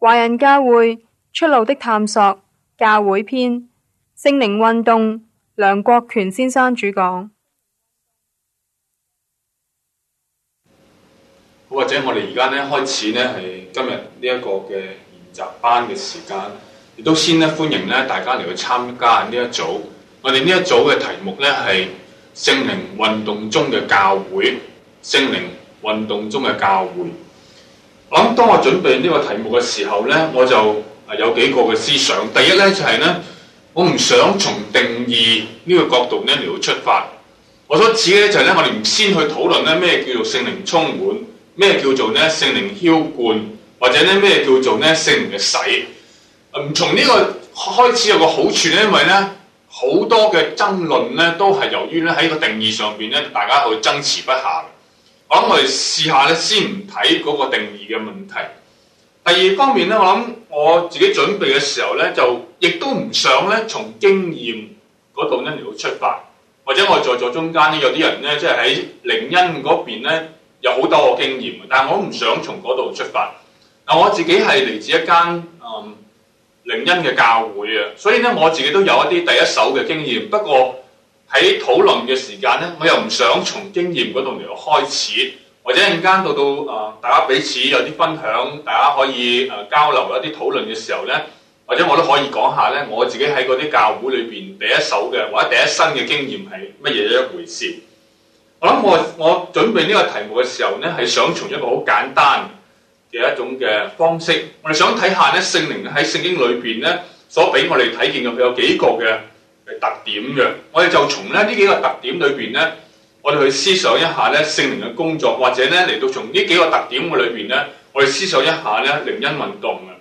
華人教會出路的探索教會篇，聖靈運動，梁國權先生主講，好，或者我哋而家咧，開始呢係今日呢一個嘅研習班嘅時間，亦都先咧歡迎咧大家嚟去參加呢一組。我哋呢一組嘅題目咧係聖靈運動中嘅教會，聖靈運動中嘅教會。我諗當我準備呢個題目嘅時候呢，我就有幾個嘅思想。第一呢，就係呢：我唔想從定義呢個角度呢嚟到出發。我所指嘅就係呢，我哋唔先去討論呢咩叫做聖靈充滿，咩叫做呢聖靈澆灌，或者呢咩叫做呢聖靈嘅洗。唔，從呢個開始有個好處咧，因為呢好多嘅爭論呢都係由於呢喺個定義上邊呢，大家去爭持不下。我諗我哋試下咧，先唔睇嗰個定義嘅問題。第二方面咧，我諗我自己準備嘅時候咧，就亦都唔想咧從經驗嗰度咧嚟到出發，或者我哋在座中間呢，有啲人咧即係喺靈恩嗰邊咧有好多嘅經驗，但係我唔想從嗰度出發。嗱，我自己係嚟自一間嗯靈恩嘅教會啊，所以咧我自己都有一啲第一手嘅經驗，不過。喺討論嘅時間呢，我又唔想從經驗嗰度嚟去開始，或者一陣間到到啊，大家彼此有啲分享，大家可以誒交流一啲討論嘅時候呢，或者我都可以講下呢，我自己喺嗰啲教會裏邊第一手嘅或者第一身嘅經驗係乜嘢一回事。我諗我我準備呢個題目嘅時候呢，係想從一個好簡單嘅一種嘅方式，我哋想睇下呢聖靈喺聖經裏邊呢，所俾我哋睇見嘅佢有幾個嘅。嘅特點嘅，我哋就從咧呢幾個特點裏邊咧，我哋去思想一下咧聖靈嘅工作，或者咧嚟到從呢幾個特點嘅裏邊咧，我哋思想一下咧靈恩運動啊。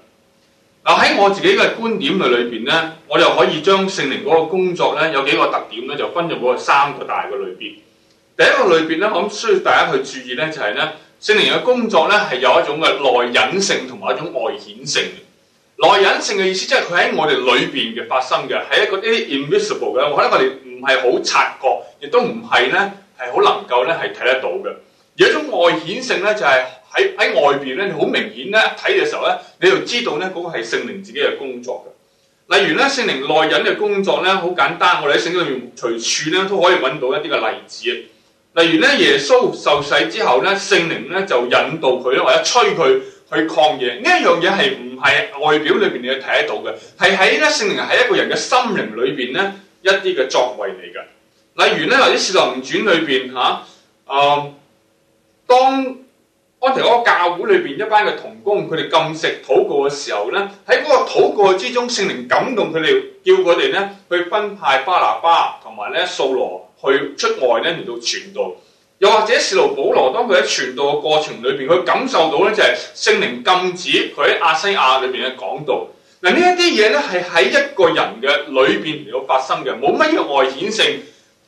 嗱，喺我自己嘅觀點嘅裏邊咧，我就可以將聖靈嗰個工作咧有幾個特點咧，就分入到三個大嘅類別。第一個類別咧，我諗需要大家去注意咧，就是，就係咧聖靈嘅工作咧係有一種嘅內隱性同埋一種外顯性。內隱性嘅意思，即係佢喺我哋裏邊嘅發生嘅，係一個啲 invisible 嘅，我覺得我哋唔係好察覺，亦都唔係咧，係好能夠咧係睇得到嘅。有一種外顯性咧，就係喺喺外邊咧好明顯咧睇嘅時候咧，你就知道咧嗰個係聖靈自己嘅工作嘅。例如咧，聖靈內隱嘅工作咧，好簡單，我哋喺聖經裏面隨處咧都可以揾到一啲嘅例子。例如咧，耶穌受洗之後咧，聖靈咧就引導佢咧，或者催佢。去抗嘢，呢一樣嘢係唔係外表裏邊你睇得到嘅？係喺呢聖靈喺一個人嘅心靈裏邊咧，一啲嘅作為嚟嘅。例如咧，喺《四郎傳》裏邊嚇，嗯，當安提哥教會裏邊一班嘅童工，佢哋禁食禱告嘅時候咧，喺嗰個禱告之中，聖靈感動佢哋，叫佢哋咧去分派巴拿巴同埋咧掃羅去出外咧嚟到傳道。又或者使徒保羅，當佢喺傳道嘅過程裏邊，佢感受到咧就係聖靈禁止佢喺亞西亞裏邊嘅講道。嗱，呢一啲嘢咧係喺一個人嘅裏邊嚟到發生嘅，冇乜嘢外顯性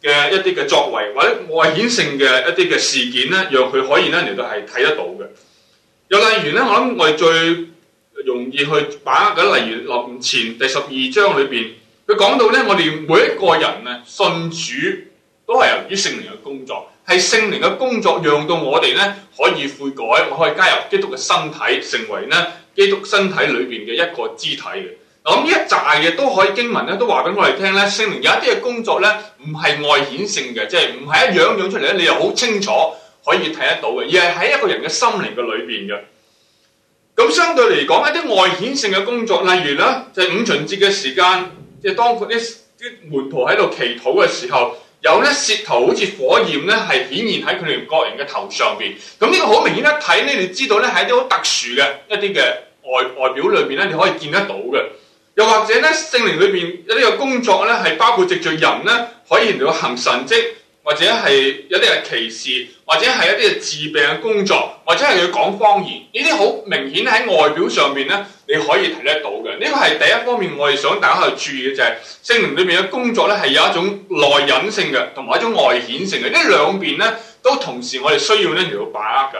嘅一啲嘅作為，或者外顯性嘅一啲嘅事件咧，讓佢可以咧嚟到係睇得到嘅。又例如咧，我諗我哋最容易去把握緊，例如林前第十二章裏邊，佢講到咧，我哋每一個人咧信主，都係由於聖靈嘅工作，係聖靈嘅工作讓，讓到我哋咧可以悔改，我可以加入基督嘅身體，成為咧基督身體裏邊嘅一個肢體嘅。咁、嗯、呢一扎嘅都可以經文咧，都話俾我哋聽咧，聖靈有一啲嘅工作咧，唔係外顯性嘅，即係唔係一樣樣出嚟咧，你又好清楚可以睇得到嘅，而係喺一個人嘅心靈嘅裏邊嘅。咁相對嚟講，一啲外顯性嘅工作，例如咧，就係、五旬節嘅時間，即、就、係、是、當佢啲啲門徒喺度祈禱嘅時候。有呢舌頭好似火焰呢，係顯現喺佢哋各人嘅頭上邊。咁、這、呢個好明顯一睇，呢你知道咧係啲好特殊嘅一啲嘅外外表裏邊咧，你可以見得到嘅。又或者咧聖靈裏邊一啲嘅工作咧，係包括藉著人咧可以嚟到行神蹟。或者係有啲係歧視，或者係一啲係治病嘅工作，或者係要講方言，呢啲好明顯喺外表上面咧，你可以睇得到嘅。呢個係第一方面，我哋想大家去注意嘅就係聖靈裏面嘅工作咧，係有一種內隱性嘅，同埋一種外顯性嘅。兩邊呢兩邊咧都同時我哋需要咧，要把握嘅。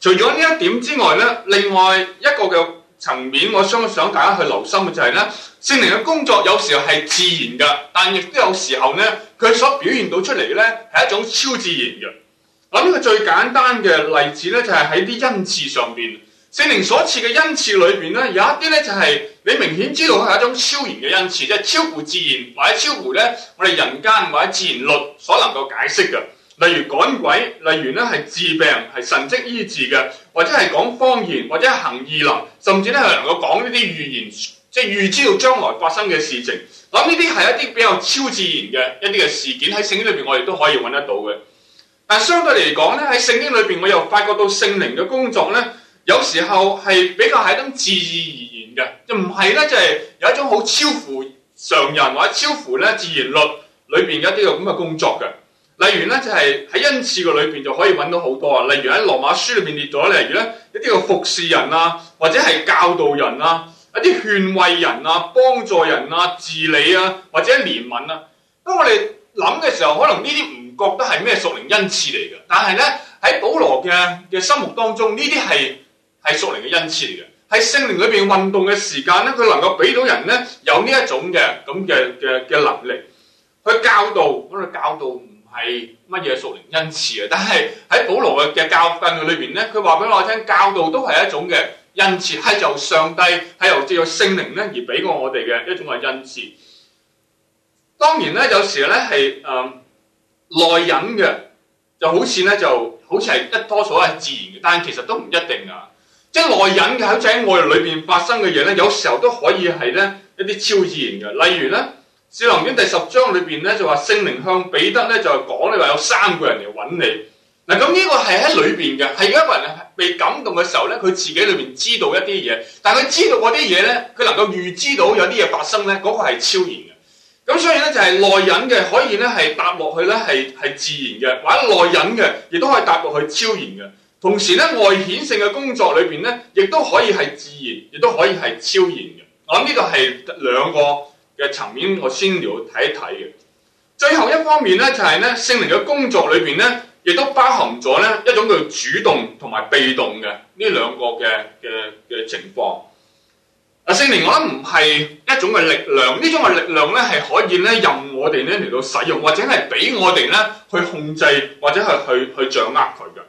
除咗呢一點之外咧，另外一個嘅。層面，我想想大家去留心嘅就係咧，聖靈嘅工作有時候係自然嘅，但亦都有時候咧，佢所表現到出嚟咧係一種超自然嘅。我、這、呢個最簡單嘅例子咧，就係喺啲恩賜上邊，聖靈所賜嘅恩賜裏邊咧，有一啲咧就係、是、你明顯知道佢係一種超然嘅恩賜，即係超乎自然或者超乎咧我哋人間或者自然律所能夠解釋嘅。例如趕鬼，例如咧係治病，係神蹟醫治嘅，或者係講方言，或者行異能，甚至咧係能夠講呢啲預言，即係預知道將來發生嘅事情。咁呢啲係一啲比較超自然嘅一啲嘅事件，喺聖經裏邊，我哋都可以揾得到嘅。但相對嚟講咧，喺聖經裏邊，我又發覺到聖靈嘅工作咧，有時候係比較係一種自然而然嘅，就唔係咧，就係有一種好超乎常人或者超乎咧自然律裏邊嘅一啲咁嘅工作嘅。例如咧，就係，是，喺恩賜嘅裏邊就可以揾到好多啊。例如喺羅馬書裏邊列咗，例如咧一啲嘅服侍人啊，或者係教導人啊，一啲勸慰人啊，幫助人啊，治理啊，或者憐憫啊。當我哋諗嘅時候，可能呢啲唔覺得係咩屬靈恩賜嚟嘅，但係咧喺保羅嘅嘅心目當中，呢啲係係屬靈嘅恩賜嚟嘅。喺聖靈裏邊運動嘅時間咧，佢能夠俾到人咧有呢一種嘅咁嘅嘅嘅能力去教導，咁去教導。係乜嘢屬靈恩賜啊？但係喺保羅嘅嘅教訓裏邊咧，佢話俾我聽，教導都係一種嘅恩賜，係由上帝，係由自有聖靈咧而俾過我哋嘅一種嘅恩賜。當然咧，有時候咧係誒內隱嘅，就好似咧就好似係一拖數係自然嘅，但係其實都唔一定啊。即係內隱嘅，好似喺愛裏邊發生嘅嘢咧，有時候都可以係咧一啲超自然嘅，例如咧。《使徒行傳》第十章裏邊咧就話聖靈向彼得咧就係、是、講，你話有三個人嚟揾你嗱，咁呢個係喺裏邊嘅，係一個人被感動嘅時候咧，佢自己裏邊知道一啲嘢，但係佢知道嗰啲嘢咧，佢能夠預知到有啲嘢發生咧，嗰、那個係超然嘅，咁所以咧就係、是、內隱嘅可以咧係搭落去咧係係自然嘅，或者內隱嘅亦都可以搭落去超然嘅。同時咧外顯性嘅工作裏邊咧亦都可以係自然亦都可以係超然嘅，我諗呢個係兩個。嘅層面，我先要睇一睇嘅。最後一方面咧，就係咧聖靈嘅工作裏邊咧，亦都包含咗咧一種叫主動同埋被動嘅呢兩個嘅嘅嘅情況。啊，聖靈我諗唔係一種嘅力量，呢種嘅力量咧係可以咧任我哋咧嚟到使用，或者係俾我哋咧去控制，或者係去去掌握佢嘅。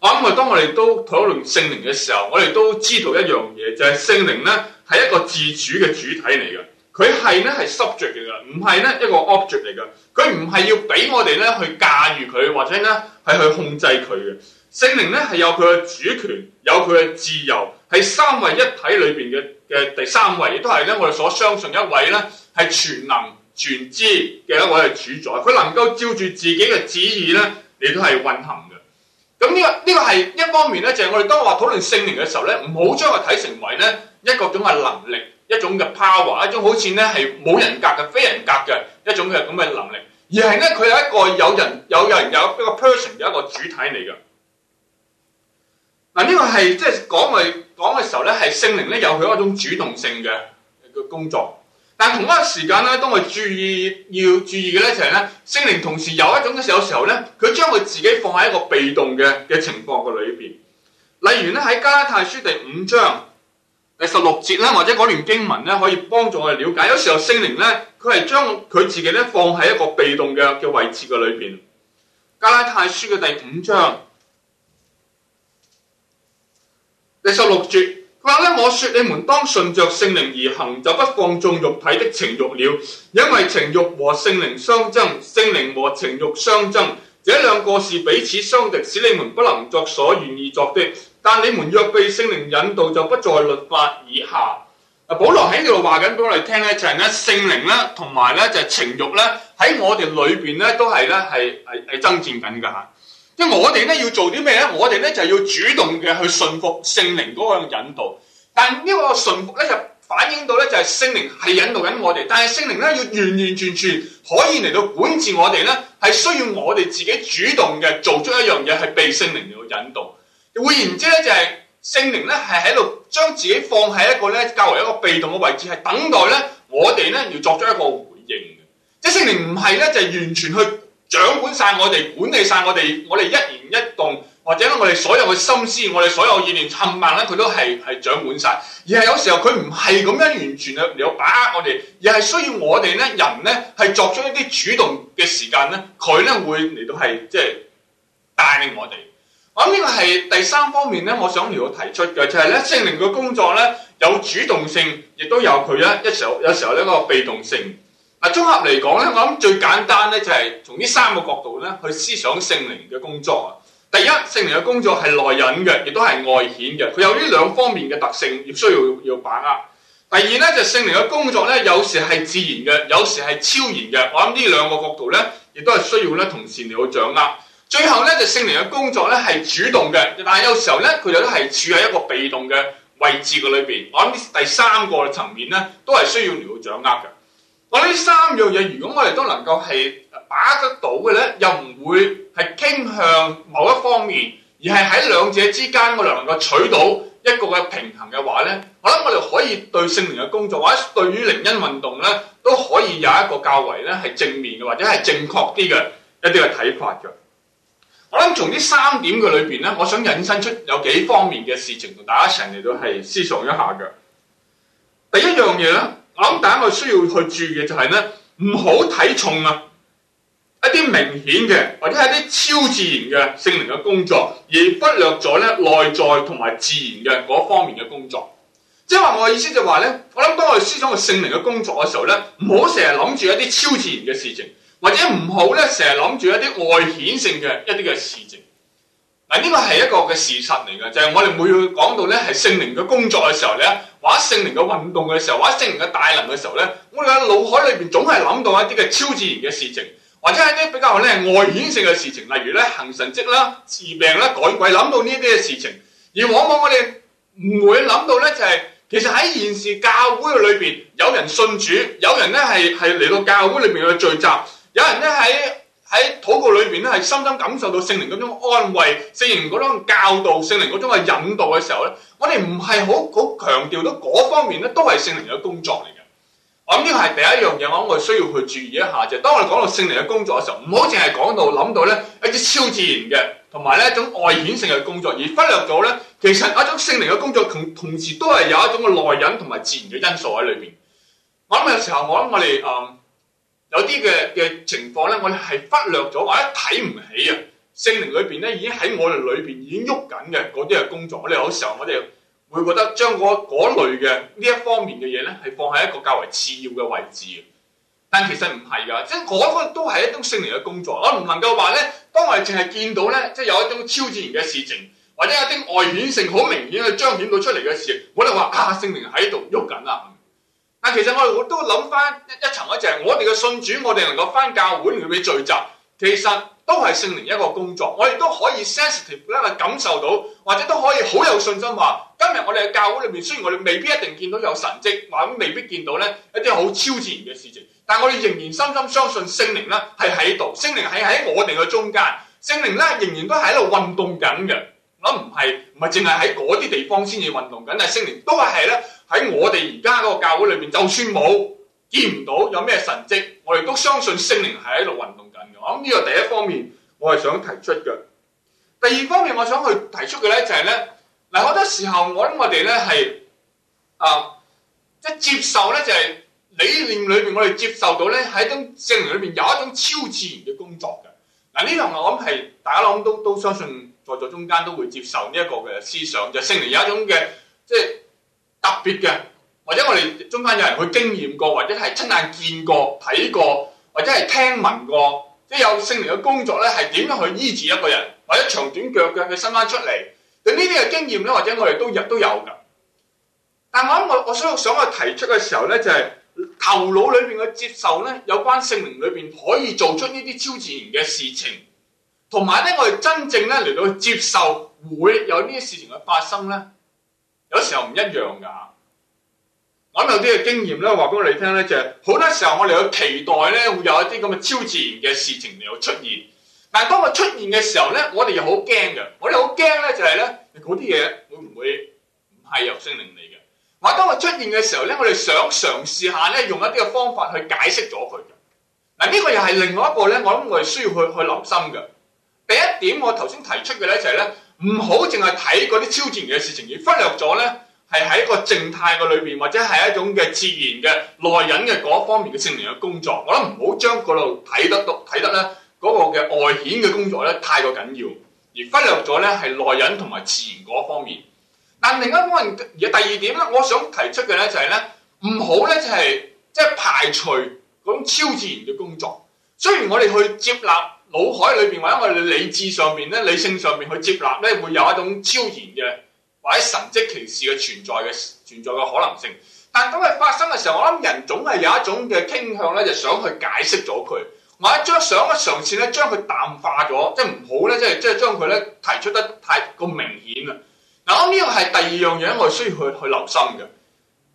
我諗，啊，嗯，當我哋都討論聖靈嘅時候，我哋都知道一樣嘢，就係聖靈咧係一個自主嘅主體嚟嘅。佢係咧係 subject 嚟噶，唔係咧一個 object 嚟嘅。佢唔係要俾我哋咧去駕馭佢，或者咧係去控制佢嘅。聖靈咧係有佢嘅主權，有佢嘅自由，係三位一體裏邊嘅嘅第三位，亦都係咧我哋所相信一位咧係全能全知嘅一位主宰。佢能夠照住自己嘅旨意咧，亦都係運行嘅。咁呢個呢個係一方面咧，就係我哋當話討論聖靈嘅時候咧，唔好將佢睇成為咧一個種嘅能力。一種嘅 power，一種好似咧係冇人格嘅非人格嘅一種嘅咁嘅能力，而係咧佢有一個有人有人，有，人有一個 person 有一個主體嚟嘅。嗱、啊、呢、這個係即係講佢講嘅時候咧，係聖靈咧有佢一種主動性嘅嘅工作。但係同一個時間咧，當佢注意要注意嘅咧就係咧，聖靈同時有一種嘅有時候咧，佢將佢自己放喺一個被動嘅嘅情況嘅裏邊。例如咧喺加拉太書第五章。第十六節啦，或者嗰段經文咧，可以幫助我哋了解。有時候聖靈咧，佢係將佢自己咧放喺一個被動嘅嘅位置嘅裏邊。加拉太書嘅第五章，第十六節，佢話咧：我説你們當順着聖靈而行，就不放縱肉體的情欲了，因為情欲和聖靈相爭，聖靈和情欲相爭，這兩個是彼此相敵，使你們不能作所願意作的。但你們若被聖靈引導，就不在律法以下。阿保羅喺呢度話緊俾我哋聽咧，就係咧聖靈咧，同埋咧就是、情欲咧，喺我哋裏邊咧都係咧係係係爭戰緊噶吓。因為我哋咧要做啲咩咧？我哋咧就是、要主動嘅去順服聖靈嗰個引導。但係呢個順服咧就反映到咧就係聖靈係引導緊我哋。但係聖靈咧要完完全全可以嚟到管治我哋咧，係需要我哋自己主動嘅做出一樣嘢，係被聖靈嚟到引導。換言之咧，就係聖靈咧係喺度將自己放喺一個咧較為一個被動嘅位置，係等待咧我哋咧要作出一個回應嘅。即係聖靈唔係咧就係、是、完全去掌管晒我哋，管理晒我哋，我哋一言一動或者我哋所有嘅心思，我哋所有意念，冚唪唥咧佢都係係掌管晒。而係有時候佢唔係咁樣完全去有把握我哋，而係需要我哋咧人咧係作出一啲主動嘅時間咧，佢咧會嚟到係即係帶領我哋。我呢個係第三方面咧，我想如果提出嘅就係咧聖靈嘅工作咧有主動性，亦都有佢一一時有時候咧個被動性。嗱，綜合嚟講咧，我諗最簡單咧就係從呢三個角度咧去思想聖靈嘅工作啊。第一，聖靈嘅工作係內隱嘅，亦都係外顯嘅，佢有呢兩方面嘅特性，要需要要把握。第二咧就係聖靈嘅工作咧有時係自然嘅，有時係超然嘅。我諗呢兩個角度咧，亦都係需要咧同時嚟去掌握。最後咧，就聖靈嘅工作咧係主動嘅，但係有時候咧，佢又都係處喺一個被動嘅位置嘅裏邊。我諗呢第三個層面咧，都係需要瞭解掌握嘅。我呢三樣嘢，如果我哋都能夠係把握得到嘅咧，又唔會係傾向某一方面，而係喺兩者之間我哋能夠取到一個嘅平衡嘅話咧，我諗我哋可以對聖靈嘅工作或者對於靈恩運動咧，都可以有一個較為咧係正面嘅或者係正確啲嘅一啲嘅睇法嘅。我諗從呢三點嘅裏邊咧，我想引申出有幾方面嘅事情同大家一齊嚟到係思想一下嘅。第一樣嘢咧，我諗第一個需要去注意嘅就係、是、咧，唔好睇重啊一啲明顯嘅或者係一啲超自然嘅聖靈嘅工作，而忽略咗咧內在同埋自然嘅嗰方面嘅工作。即係話我嘅意思就話、是、咧，我諗當我哋思想嘅聖靈嘅工作嘅時候咧，唔好成日諗住一啲超自然嘅事情。或者唔好咧，成日諗住一啲外顯性嘅一啲嘅事情。嗱，呢個係一個嘅事實嚟嘅，就係我哋每去講到咧係聖靈嘅工作嘅時候咧，或者聖靈嘅運動嘅時候，或者聖靈嘅大能嘅時候咧，我哋喺腦海裏邊總係諗到一啲嘅超自然嘅事情，或者係一比較咧外顯性嘅事情，例如咧行神跡啦、治病啦、趕鬼，諗到呢啲嘅事情，而往往我哋唔會諗到咧，就係其實喺現時教會裏邊有人信主，有人咧係係嚟到教會裏邊去聚集。有人咧喺喺禱告裏邊咧，係深深感受到聖靈嗰種安慰、聖靈嗰種教導、聖靈嗰種嘅引導嘅時候咧，我哋唔係好好強調到嗰方面咧，都係聖靈嘅工作嚟嘅。我諗呢個係第一樣嘢，我諗我哋需要去注意一下就係，當我哋講到聖靈嘅工作嘅時候，唔好淨係講到諗到咧一啲超自然嘅，同埋咧一種外顯性嘅工作，而忽略咗咧其實一種聖靈嘅工作同同時都係有一種嘅內隱同埋自然嘅因素喺裏邊。我諗有時候我諗我哋誒。嗯有啲嘅嘅情況咧，我哋係忽略咗，或者睇唔起啊！聖靈裏邊咧，已經喺我哋裏邊已經喐緊嘅嗰啲嘅工作，我哋有時候我哋會覺得將嗰類嘅呢一方面嘅嘢咧，係放喺一個較為次要嘅位置。但其實唔係㗎，即係嗰、嗰個都係一種聖靈嘅工作，我唔能夠話咧，當我哋淨係見到咧，即係有一種超自然嘅事情，或者有啲外顯性好明顯去彰顯到出嚟嘅事，我哋話啊，聖靈喺度喐緊啊！嗱，但其實我哋都諗翻一層咧，就係我哋嘅信主，我哋能夠翻教會裏面聚集，其實都係聖靈一個工作。我哋都可以 sensitive 咧感受到，或者都可以好有信心話：今日我哋嘅教會裏面，雖然我哋未必一定見到有神蹟，或者未必見到咧一啲好超自然嘅事情，但係我哋仍然深深相信聖靈咧係喺度，聖靈係喺我哋嘅中間，聖靈咧仍然都係喺度運動緊嘅。我唔係唔係淨係喺嗰啲地方先至運動緊，但係聖靈都係咧喺我哋而家嗰個教會裏面，就算冇，見唔到有咩神跡，我哋都相信聖靈係喺度運動緊嘅。我諗呢個第一方面，我係想提出嘅。第二方面，我想去提出嘅咧就係咧，嗱好多時候我諗我哋咧係啊，即係接受咧就係理念裏面，我哋接受到咧喺種聖靈裏面有一種超自然嘅工作嘅。嗱呢樣我諗係大家諗都都，都相信。在咗中間都會接受呢一個嘅思想，就係聖靈有一種嘅即係特別嘅，或者我哋中間有人去經驗過，或者係親眼見過、睇過，或者係聽聞過，即係有聖靈嘅工作咧，係點樣去醫治一個人，或者長短腳嘅佢伸翻出嚟，咁呢啲嘅經驗咧，或者我哋都有都有㗎。但我諗我我想想我提出嘅時候咧，就係頭腦裏邊嘅接受咧，有關聖靈裏邊可以做出呢啲超自然嘅事情。同埋咧，我哋真正咧嚟到接受，會有呢啲事情嘅發生咧，有時候唔一樣噶。我諗有啲嘅經驗咧，話俾我哋聽咧，就係好多時候我哋去期待咧，會有一啲咁嘅超自然嘅事情嚟到出現。但係當佢出現嘅時候咧，我哋又好驚嘅。我哋好驚咧，就係咧嗰啲嘢會唔會唔係由聖靈嚟嘅？或當佢出現嘅時候咧，我哋想嘗試下咧，用一啲嘅方法去解釋咗佢。嗱，呢個又係另外一個咧，我諗我哋需要去去留心嘅。點我頭先提出嘅咧就係咧，唔好淨係睇嗰啲超自然嘅事情，而忽略咗咧係喺一個靜態嘅裏面，或者係一種嘅自然嘅內隱嘅嗰方面嘅聖靈嘅工作。我諗唔好將嗰度睇得到，睇得咧嗰個嘅外顯嘅工作咧，太過緊要，而忽略咗咧係內隱同埋自然嗰方面。但另一方面嘅第二點咧，我想提出嘅咧就係咧、就是，唔好咧就係即係排除嗰種超自然嘅工作。雖然我哋去接納。腦海裏邊或者我哋理智上面咧、理性上面去接納咧，會有一種超然嘅或者神蹟奇事嘅存在嘅存在嘅可能性。但當佢發生嘅時候，我諗人總係有一種嘅傾向咧，就想去解釋咗佢。或者想嘗試咧，將佢淡化咗，即係唔好咧，即係即係將佢咧提出得太咁明顯啦。嗱、嗯，咁呢個係第二樣嘢我需要去去留心嘅。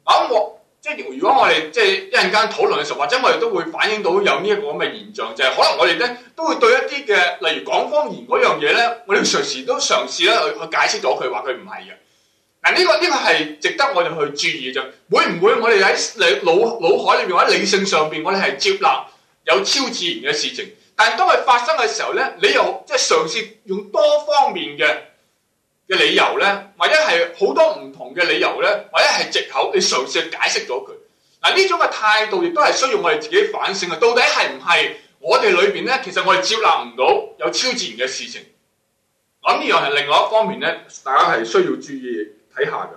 咁、嗯、我。即係如果我哋即係一陣間討論嘅時候，或者我哋都會反映到有呢一個咁嘅現象，就係可能我哋咧都會對一啲嘅，例如講方言嗰樣嘢咧，我哋隨時都嘗試咧去解釋咗佢，話佢唔係嘅。嗱，呢個呢個係值得我哋去注意嘅，會唔會我哋喺你腦腦海裏面或者理性上邊，我哋係接納有超自然嘅事情？但係當佢發生嘅時候咧，你又即係嘗試用多方面嘅。嘅理由咧，或者係好多唔同嘅理由咧，或者係藉口，你嘗試去解釋咗佢。嗱，呢種嘅態度亦都係需要我哋自己反省嘅。到底係唔係我哋裏邊咧，其實我哋接納唔到有超自然嘅事情。我諗呢樣係另外一方面咧，大家係需要注意睇下嘅。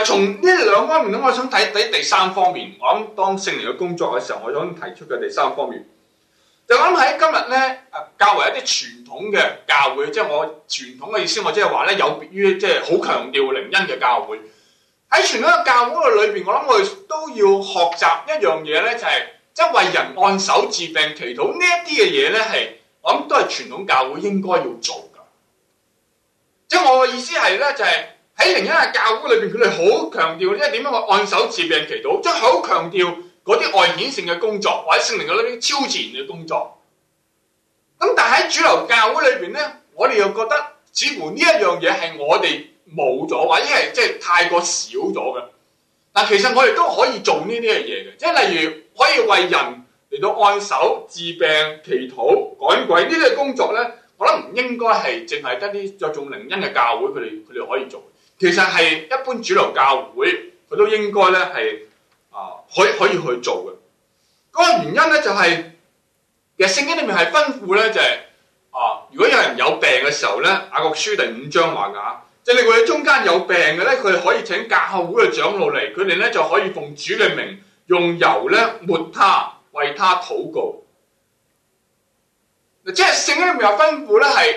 嗱，從呢兩方面咁，我想睇睇第三方面。我諗當聖靈嘅工作嘅時候，我想提出嘅第三方面。就我諗喺今日咧，啊，較為一啲傳統嘅教會，即係我傳統嘅意思，我即係話咧，有別於即係好強調靈恩嘅教會。喺傳統嘅教會裏邊，我諗我哋都要學習一樣嘢咧，就係即係為人按手治病、祈禱。呢一啲嘅嘢咧，係我諗都係傳統教會應該要做噶。即係我嘅意思係咧，就係喺靈恩嘅教會裏邊，佢哋好強調即係點樣去按手治病、祈禱，即係好強調，嗰啲外顯性嘅工作，或者聖靈嘅呢啲超自然嘅工作，咁但喺主流教會裏邊咧，我哋又覺得似乎呢一樣嘢係我哋冇咗，或者係即係太過少咗嘅。但其實我哋都可以做呢啲嘅嘢嘅，即係例如可以為人嚟到按手、治病、祈禱、趕鬼呢啲工作咧，我諗唔應該係淨係得啲着重靈恩嘅教會佢哋佢哋可以做，其實係一般主流教會佢都應該咧係。啊，可以可以去做嘅，嗰個原因咧就係，其實聖經裏面係吩咐咧就係，啊，如果有人有病嘅時候咧，雅各書第五章話噶，即係你話喺中間有病嘅咧，佢可以請教會嘅長老嚟，佢哋咧就可以奉主嘅名用油咧抹他，為他禱告。嗱，即係聖經裏面係吩咐咧係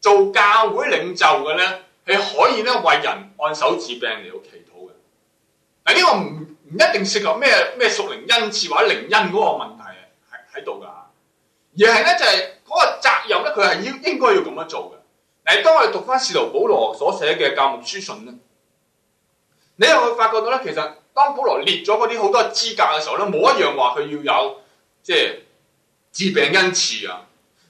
做教會領袖嘅咧，係可以咧為人按手治病嚟到祈禱嘅。嗱呢個唔。唔一定涉及咩咩屬靈恩賜或者靈恩嗰個問題啊，喺喺度噶，而係咧就係、是、嗰個責任咧，佢係要應該要咁樣做嘅。嗱，當我哋讀翻使徒保羅所寫嘅教牧書信咧，你又會發覺到咧，其實當保羅列咗嗰啲好多資格嘅時候咧，冇一樣話佢要有即係、就是、治病恩賜啊。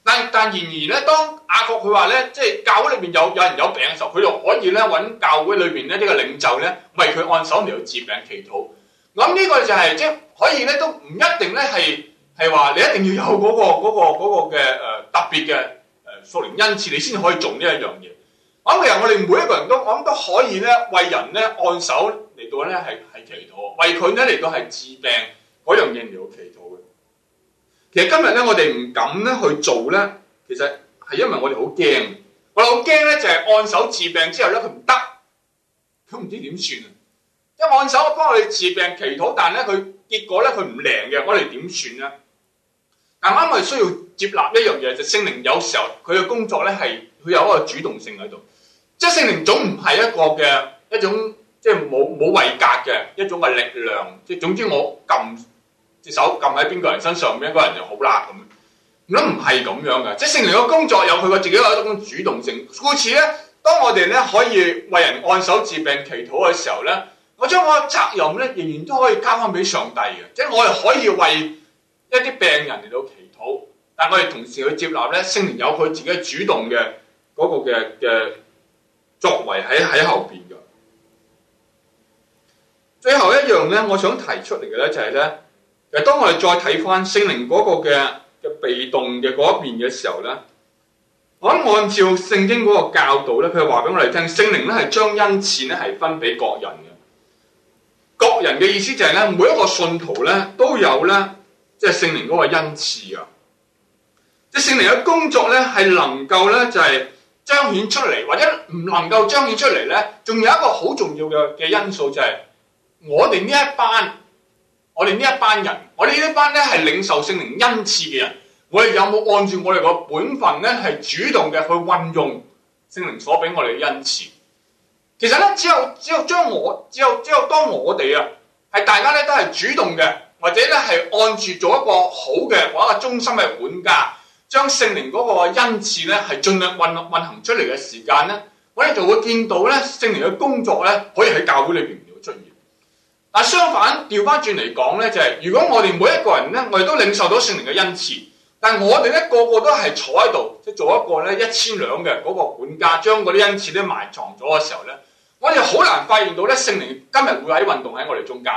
但但然而咧，當雅各佢話咧，即、就、係、是、教會裏邊有有人有病嘅時候，佢就可以咧揾教會裏邊咧呢、這個領袖咧為佢按手嚟去治病祈禱。我諗呢個就係即係可以咧，都唔一定咧，係係話你一定要有嗰、嗰個嗰、嗰個、嗰個嘅誒、呃、特別嘅誒屬靈恩賜，你先可以做呢一樣嘢。我諗其實我哋每一個人都，我諗都可以咧，為人咧按手嚟到咧係係祈禱，為佢咧嚟到係治病嗰樣嘢嚟到祈禱嘅。其實今日咧我哋唔敢咧去做咧，其實係因為我哋好驚，我哋好驚咧就係、是、按手治病之後咧佢唔得，佢唔知點算啊！一按手幫佢哋治病祈禱，但咧佢結果咧佢唔靈嘅，我哋點算咧？嗱，啱我哋需要接納一樣嘢，就聖靈有時候佢嘅工作咧係佢有一個主動性喺度，即係聖靈總唔係一個嘅一種即係冇冇位格嘅一種嘅力量，即係總之我撳隻手撳喺邊個人身上，邊一個人就好喇咁，咁唔係咁樣嘅，即係聖靈嘅工作有佢個自己有一種主動性，故此咧，當我哋咧可以為人按手治病祈禱嘅時候咧，我將我嘅責任咧，仍然都可以交翻俾上帝嘅，即係我係可以為一啲病人嚟到祈禱，但係我哋同時去接納咧，聖靈有佢自己主動嘅、嗰個嘅嘅作為喺喺後邊嘅。最後一樣咧，我想提出嚟嘅咧就係咧，其實當我哋再睇翻聖靈嗰個嘅嘅被動嘅嗰一邊嘅時候咧，我諗按照聖經嗰個教導咧，佢話俾我哋聽，聖靈咧係將恩賜咧係分俾各人嘅。各人嘅意思就係咧，每一個信徒咧都有咧，即係聖靈嗰個恩賜啊！即係聖靈嘅工作咧，係能夠咧就係彰顯出嚟，或者唔能夠彰顯出嚟咧，仲有一個好重要嘅嘅因素就係我哋呢一班，我哋呢一班人，我哋呢一班咧係領受聖靈恩賜嘅人，我哋有冇按照我哋個本分咧，係主動嘅去運用聖靈所俾我哋嘅恩賜？其實咧，只有只有將我只有只有當我哋啊，係大家咧都係主動嘅，或者咧係按住做一個好嘅，或者個中心嘅管家，將聖靈嗰個恩賜咧係盡量運運行出嚟嘅時間咧，我哋就會見到咧聖靈嘅工作咧可以喺教會裏邊要出現。嗱，相反調翻轉嚟講咧，就係如果我哋每一個人咧，我哋都領受到聖靈嘅恩賜，但我哋咧個個都係坐喺度，即係做一個咧一千兩嘅嗰個管家，將嗰啲恩賜咧埋藏咗嘅時候咧。我哋好難發現到咧，聖靈今日會喺運動喺我哋中間。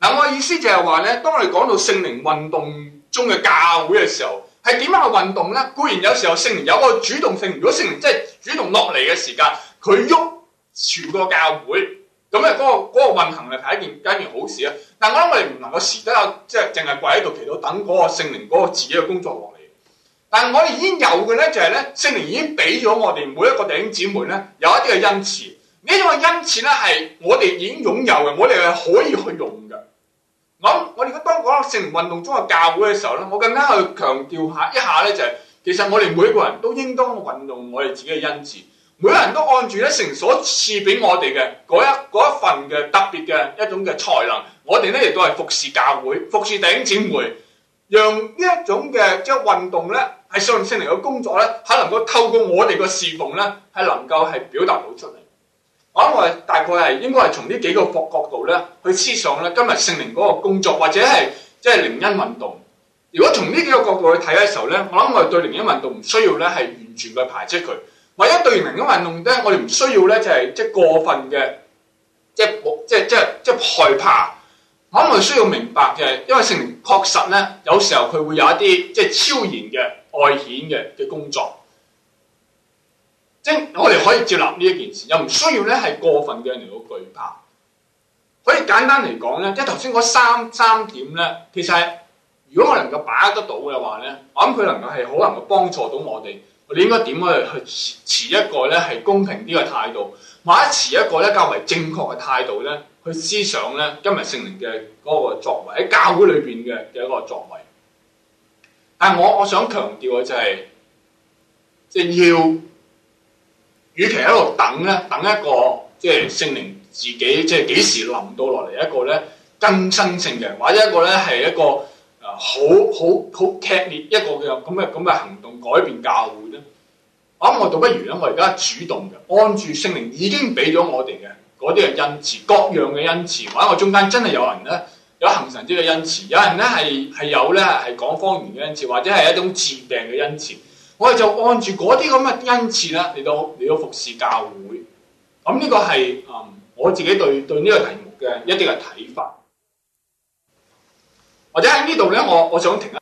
嗱、啊，我嘅意思就係話咧，當我哋講到聖靈運動中嘅教會嘅時候，係點樣嘅運動咧？固然有時候聖靈有個主動性，如果聖靈即係主動落嚟嘅時間，佢喐全個教會，咁咧嗰個嗰，嗰個運行係睇一件一件好事啊！但係我諗我哋唔能夠時都有，即係淨係跪喺度祈禱，等嗰個聖靈嗰個自己嘅工作落嚟。但係我哋已經有嘅咧，就係、是、咧，聖靈已經俾咗我哋每一個弟兄姊妹咧，有一啲嘅恩賜。呢種嘅恩賜咧係我哋已經擁有嘅，我哋係可以去用嘅。咁、嗯、我哋如果當講聖靈運動中嘅教會嘅時候咧，我更加去強調一下一下咧就係、是，其實我哋每個人都應當運用我哋自己嘅恩賜，每個人都按住咧神所賜俾我哋嘅一一份嘅特別嘅一種嘅才能，我哋咧亦都係服侍教會，服侍頂姊妹，讓呢一種嘅即係運動咧係上聖靈嘅工作咧，係能夠透過我哋個侍奉咧係能夠係表達到出嚟。我諗我大概係應該係從呢幾個角角度咧去思想咧今日聖靈嗰個工作，或者係即係靈恩運動。如果從呢幾個角度去睇嘅時候咧，我諗我哋對靈恩運動唔需要咧係完全去排斥佢，唯一對完靈恩運動咧，我哋唔需要咧就係即係過分嘅，即係即係即係害怕。我諗我哋需要明白嘅，因為聖靈確實咧有時候佢會有一啲即係超然嘅外顯嘅嘅工作。我哋可以接納呢一件事，又唔需要咧係過分嘅嚟到懼怕。可以簡單嚟講咧，即係頭先嗰三三點咧，其實如果我能夠把握得到嘅話咧，我諗佢能夠係好能夠幫助到我哋。我哋應該點樣去持一個咧係公平呢個態度，或者持一個咧較為正確嘅態度咧去思想咧今日聖靈嘅嗰個作為喺教會裏邊嘅嘅一個作為。但係我我想強調嘅就係，即係要。與其喺度等咧，等一個即係聖靈自己即係幾時臨到落嚟一個咧更新性嘅，或者一個咧係一個啊、呃、好好好劇烈一個嘅咁嘅咁嘅行動改變教會咧。我、啊、諗我倒不如咧，我而家主動嘅，按住聖靈已經俾咗我哋嘅嗰啲嘅恩賜，各樣嘅恩賜。或者我中間真係有人咧有行神蹟嘅恩賜，有人咧係係有咧係講方言嘅恩賜，或者係一種治病嘅恩賜。我哋就按住啲咁嘅恩賜啦嚟到嚟到服侍教會，咁、這、呢個係嗯我自己對對呢個題目嘅一啲嘅睇法，或者喺呢度咧，我我想停一。